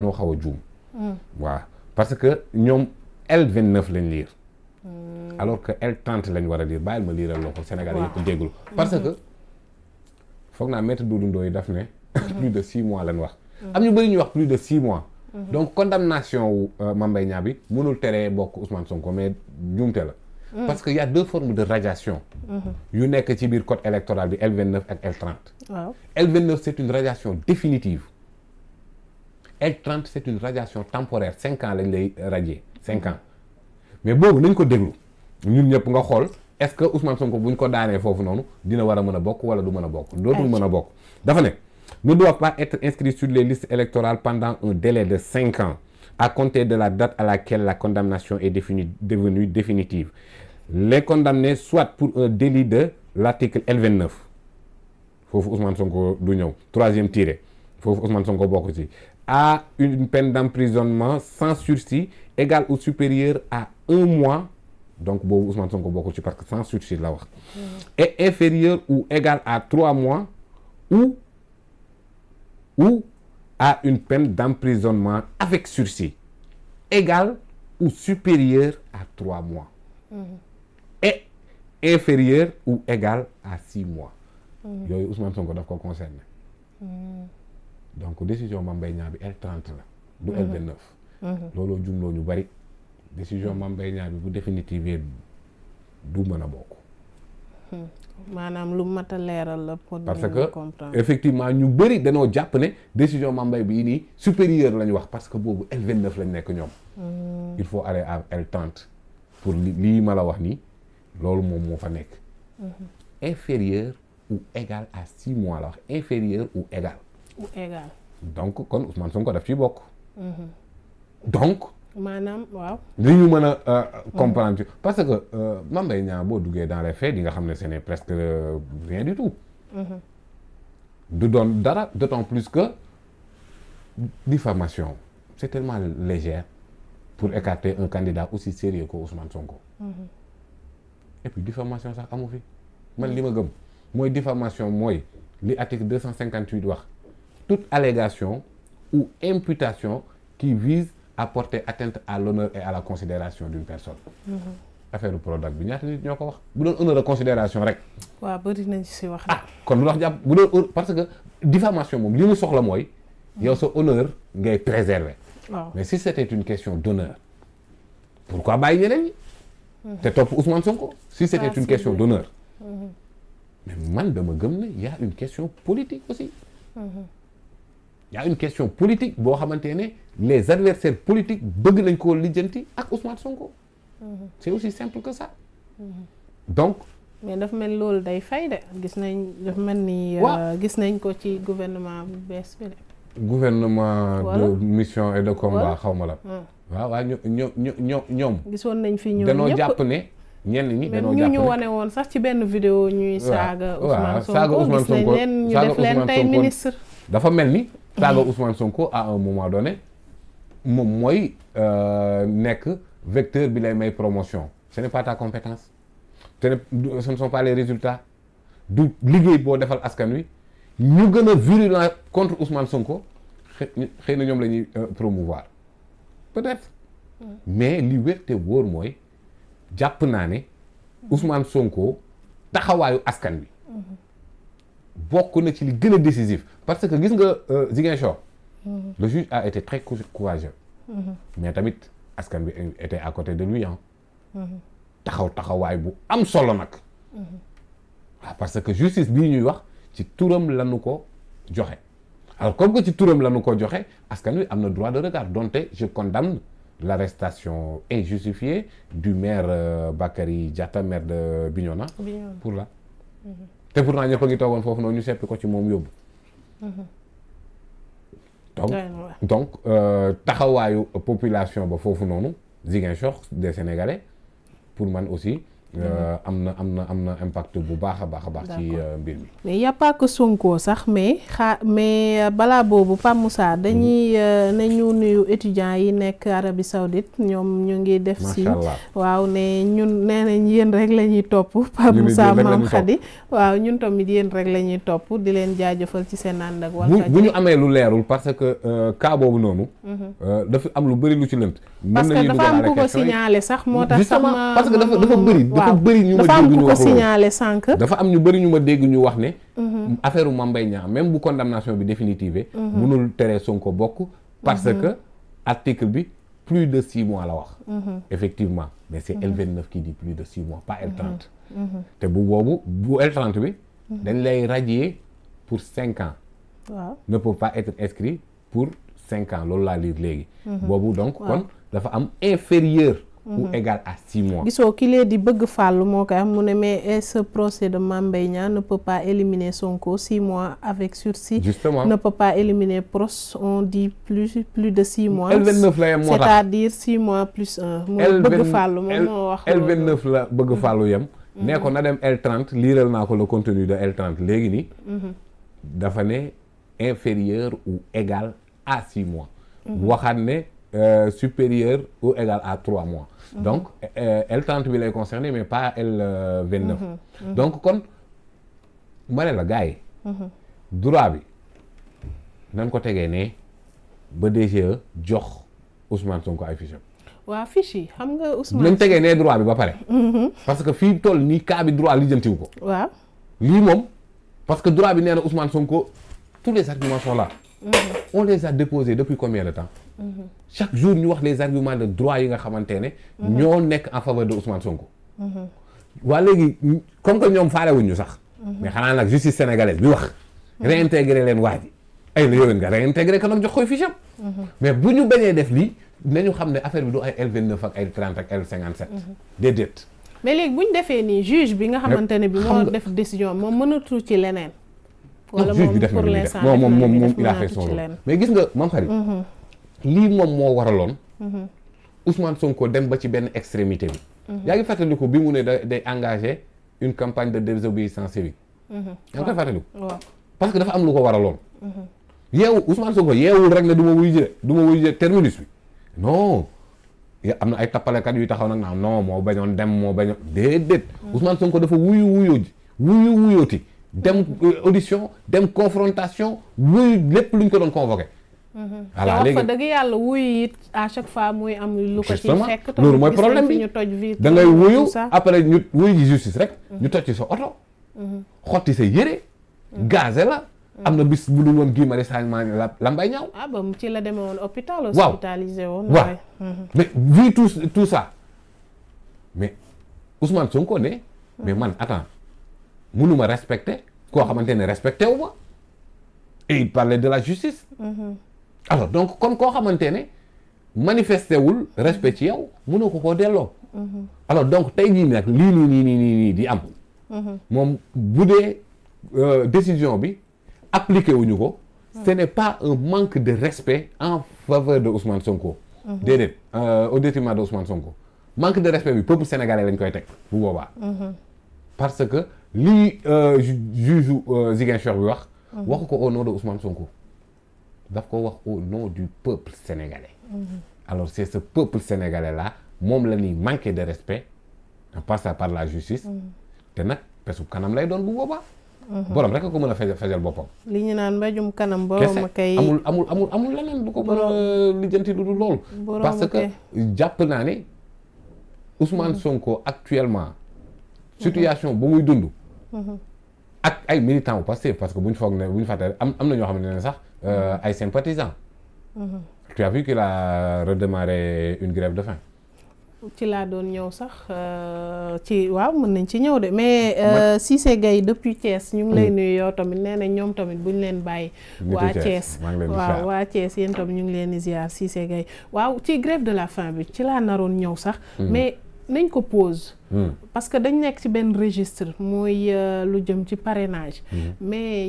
ñoo xaw a juum mm. waaw parce que ñoom L29 lañ liir mm. alors que L30 lañ war a liir bàyyil ma liiral loo ko Sénégal yëpp jégglu parce mm-hmm. que foog naa maître dundoo Ndoye daf ne mm-hmm. plus de six mois lañ wax mm-hmm. am ñu bëri ñuy wax plus de six mois donc condamnation wu euh, Mame Mbaye bi mënul teree bokk Ousmane Sonko mais juumte la mm. parce que ya deux formes de radiation yu nekk ci biir code électoral bi l ak L30 l c'est une radiation définitive L30 c' est une radiation temporaire cinq ans lañ lay radier cinq ans mais boobu nañ ko déglu ñun ñëpp nga xool est ce que Ousmane Sonko bu ko daanee foofu noonu dina war a mën a bokk wala du mën a bokk. dootul mën a bokk dafa ne ne doit pas être inscrit sur les listes électorales pendant un de cinq à compter de la date à laquelle la condamnation est définie devenue définitive les condamnés soit pour un délit de l'article L29 foofu Ousmane Sonko du ñëw troisième tiré foofu Ousmane Sonko bokk à une peine d'emprisonnement sans sursis égale ou supérieur à un mois donc boobu Ousmane Sonko bokkul ci parce que sans sursis la wax mm-hmm. et inférieur ou égal à trois mois ou ou à une peine d'emprisonnement avec sursis égale ou supérieure à trois mois mmh. et inférieur ou égal à six mois mm-hmm. yooyu Ousmane Sonko daf ko concerné mm-hmm. donc décision Mame Mbaye bi L30 la. du mhm. l mhm. looloo jumloo ñu bari. décision mhm. Mame Mbaye bi bu définitive du mën a bokk. maanaam lu mat leeral la pour. parce que effectivement ñu bëri danoo jàpp ne décision Mame Mbaye bii nii supérieur la ñu wax parce que boobu L29 lañ nekk ñoom. il faut aller à L30 pour lii ma la wax nii loolu moom moo fa nekk. inférieur ou égal à six mois la wax inférieur ou égal. donc kon Ousmane Sonko daf ciy bokk. Mhm. donc. maanaam waaw. li ñu mën a euh, comprendre parce que euh, Mame Mbaye ñaa boo duggee dans les faits di nga xam ne ce n'est presque euh, rien du tout. Mhm. du doon dara d'autant plus que diffamation c'est tellement légère pour écarter un candidat aussi sérieux que Ousmane Sonko. Mhm. et puis diffamation sax amu fi man li ma gëm mooy diffamation mooy li article deux cent cinquante-huit wax. tout allégation ou imputation qui vise à porter atteinte à l'honneur et à la considération d'une personne mm-hmm. affaire u Prodac bi ñaata nit ñoo ko wax bu doon honneur de considération rek waaw bëri nañ ci si wax ah kon lu tax jàpp bu doon parce que diffamation moom li mu soxla mooy yow sa honneur ngay préserver waaw mais si c'était une question d'honneur pourquoi bàyyi ñeneen ñi mm-hmm. te topp Ousmane Sonko si c'était une mm-hmm. mais man dama gëm ne y a une question politique aussi y une question politique boo xamante ne les adversaires politiques bëgg nañ ko lijjanti ak Ousmane Sonko. Mhm. c'est aussi simple que sax mhm. donc. mais dafa mel loolu day fay de gis nañ daf mel ni. Euh, gis nañ ko ci gouvernement gouvernement mission et de xaw ma la. waaw waaw ñoom ñoom ñoom. gisoon nañ fi ñoom ñëpp danoo jàpp ne. ñenn ñi dañoo ñu wane woon sax ci benn vidéo ñuy saaga Ousmane Sonko saaga Ousmane gis nañ leen ñu def leen tey ministre. dafa mel ni saaga Ousmane Sonko a un moment donné moom mooy euh, nekk vecteur bi lay may promotion ce n'est pas ta compétence te ne ce ne sont pas les résultats du liggéey boo defal askan wi ñu gën a virulent contre Ousmane Sonko xëy na ñoom la ñuy euh, promouvoir peut-être mm. mais li wér te wóor mooy jàpp naa ne Ousmane Sonko taxawaayu askan wi mm-hmm. bokk na ci li gën décisif parce que gis nga euh, Ziguinchor. Mm-hmm. le juge a été très courageux. Mm-hmm. mais tamit askan bi était à côté de lui ah. taxaw taxawaay bu am solo nag. waaw parce que justice bi ñuy wax ci turam lanu ko joxe. alors comme que ci turam lanu ko joxe askan wi am na droit de regard donte je condamne l'arrestation injustifiée du maire euh, Bakary Diatta maire de Bignona. pour la. te pourtant ñëpp a ngi toogoon foofu noonu ñu sepp ko ci moom yóbbu. donc donc euh, taxawaayu population ba foofu noonu Ziguinchor de Sénégalais pour man aussi. Euh, am na am na am na impact bu baax a baax a baax. ci euh, mbir mi. mais y' a pas que Sonko sax mais xaa mais euh, balaa boobu Pape Moussa dañuy mhm. nañu nuyu étudiants yi nekk Arabie Saoudite ñoom ñu ngi def. si waaw ne ñun nee nañ yéen rek la ñuy topp. Pape Moussa Maam Khady waaw ñun tamit yéen rek la ñuy topp di leen jaajëfal ci seen ànd ak. Walfadjri bu ñu amee lu leerul parce que kaa boobu noonu. Mhm. dafa am lu bëri lu ci lënt. parce que dafa am ku ko sax moo tax. sama parce que dafa dafa dafa ma dégg ñu wax am ñu bari ñu ma dégg ñu wax ne mhm. affaire Mame Mbaye Niang même bu condamnation bi définitive mënul mhm. tere Sonko bokk parce mhm. que article bi plus de six mois la wax effectivement mais c'est L29 qui dit plus de six mois pas L30 te bu boobu bu L30 bi dañ lay radier pour cinq ans ne peut pas être inscrit pour cinq ans loolu laa lire léegi boobu donc kon dafa am inférieur ou mhm. égal à mois. gisoo ki lee di bëgg fàllu moo koy am mu ne mais est-ce procès de Mame Mbaye Niang ne peut pas éliminer Sonko six mois avec sursis. justement ne éliminer pros on dit plus de six mois. l la yem moo tax c'est-à-dire six mois plus un. mu bëgg fàllu moom moo wax. la bëgg mhm. fàllu yem. Mhm. nee ko na dem liiral naa ko le contenu de l nii. dafa ne inférieur ou égal à six mois. waxaat ne. euh, supérieur ou égal à trois mois. Mhm. donc L30 bi lay concerné mais pas L29. Euh, mhm. mhm. donc kon ma ne la gars yi. droit bi nan ko tegee ne ba DGE jox Ousmane Sonko ay fiches waa fiche yi xam nga Ousmane. nañ tegee ne droit bi ba pare. parce que fii toll nii cas bi droit li jëntiw ko. waaw lii moom parce que droit bi nee na Ousmane Sonko tous les arguments sont là. on les a déposés depuis combien de temps. chaque jour ñu wax les arguments de droit yi nga xamante ne. ñoo nekk en faveur de Ousmane Sonko. waa léegi comme que ñoom faale sax. mais xanaa nag justice sénégalaise bi wax. réintégrer leen waa ji ay la yowen nga réintégrer ko nag jox koy fiche mais bu ñu bañee def lii nañu xam ne affaire bi du ay L29 ak L30 ak L57. déedéet. mais léegi bu defee nii juge bi nga xamante bi moo def décision moom mënatul a fait son mais gis nga lii moom moo waraloon. Mhm. Ousmane Sonko dem ba ci benn extrémité bi. Mhm. yaa ngi fàttaliku bi mu ne da day engagé une campagne de désobéissance civique. Mhm. yaa ngi koy fàttaliku. parce que dafa am lu ko waraloon. yeewu Ousmane Sonko yeewul rek ne du ma wuy ji du wuy ji terminus bi non. am na ay tappalekat yuy taxaw nag naan non moo bañoon dem moo bañoon déedéet. Ousmane Sonko dafa wuyu wuyoo ji wuyu wuyooti dem euh, audition dem confrontation wuyu lépp luñ ko doon convoqué. Mm-hmm. voilà léegi wax yàlla wuyu à chaque fois muy am lu ko ñu toj vie da ngay wuyu après ñu wuyu ji justice ñu mm-hmm. toj ci sa oto mm-hmm. xotti sa la am na bis bu dul woon Guy Marius Sagna la lambay ñaaw ah ba ci la demee woon hôpital hospitalisé woon waaw mais vu tout tout ça mais Ousmane Sonko ne mais man attends mënuma respecté koo xamante ne respecté wu ma de la justice alors donc kon koo xamante ne manifesté wul respect ci yow mënoo ko koo delloo. Mhm. alors donc tey jii nag nii nii nii nii di am. Mhm. moom bu dee euh, décision bi appliqué wuñu ko. ce n'est pas un manque de respect en faveur de Ousmane Sonko. Mhm. déedéet euh, au détriment de Ousmane Sonko. manque de respect bi peuple sénégalais lañ koy teg bu boobaa. parce que lii euh, juge Ziguinchor bi wax. waxu ko au nom de Ousmane Sonko. daf ko wax au du peuple sénégalais mhm. alors c'est ce peuple sénégalais la moom la ñuy manquer de respect en passant par la justice mhm. te nag pesu kanam lay doon bu boobaa mhm. borom rek ko mën a fajal fajal boppam li ñu naan mbajum kanam borom a kay amul amul amul amul leneen bu ko mën a lijjanti lu dul loolu parce que jàpp naa ne Ousmane Sonko actuellement situation bu muy dund ak ay militants wu Pastef parce que bu ñu foog ne bu ñu fàtte am am na ñoo xamante ne sax euh, ay sympathisants. Mm-hmm. tu as vu qu'il a redémarré une grève de faim. ci laa doon ñëw sax euh, ci waaw mën nañ ci ñëw de mais euh, Cissé Gaye depuis Thiès ñu ngi lay mm. nuyu yow tamit nee ñoom tamit bu ñu leen bàyyi waa Thiès waaw waa Thiès yéen tamit ñu ngi leen di ziar Cissé Gaye waaw ci grève de la faim bi ci laa naroon ñëw sax mm-hmm. nañ ko pause. Hmm. parce que dañ nekk ci benn registre mooy euh, lu jëm ci parrainage hmm. mais